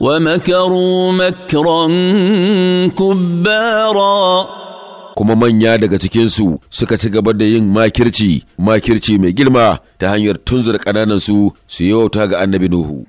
ومكروا مكرا كبارا kuma manya daga cikinsu suka ci gaba da yin makirci makirci mai girma ta hanyar tunzura ƙananansu su yi wauta ga annabi Nuhu.